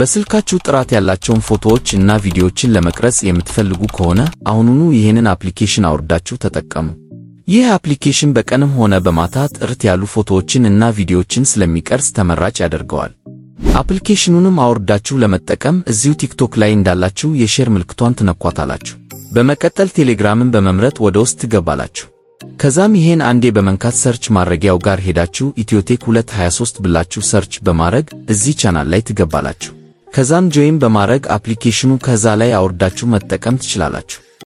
በስልካችሁ ጥራት ያላቸውን ፎቶዎች እና ቪዲዮዎችን ለመቅረጽ የምትፈልጉ ከሆነ አሁኑኑ ይህንን አፕሊኬሽን አውርዳችሁ ተጠቀሙ። ይህ አፕሊኬሽን በቀንም ሆነ በማታ ጥርት ያሉ ፎቶዎችን እና ቪዲዮዎችን ስለሚቀርጽ ተመራጭ ያደርገዋል። አፕሊኬሽኑንም አውርዳችሁ ለመጠቀም እዚሁ ቲክቶክ ላይ እንዳላችሁ የሼር ምልክቷን ትነኳታላችሁ። በመቀጠል ቴሌግራምን በመምረጥ ወደ ውስጥ ትገባላችሁ። ከዛም ይሄን አንዴ በመንካት ሰርች ማድረጊያው ጋር ሄዳችሁ ኢትዮቴክ 223 ብላችሁ ሰርች በማድረግ እዚህ ቻናል ላይ ትገባላችሁ። ከዛም ጆይን በማድረግ አፕሊኬሽኑ ከዛ ላይ አውርዳችሁ መጠቀም ትችላላችሁ።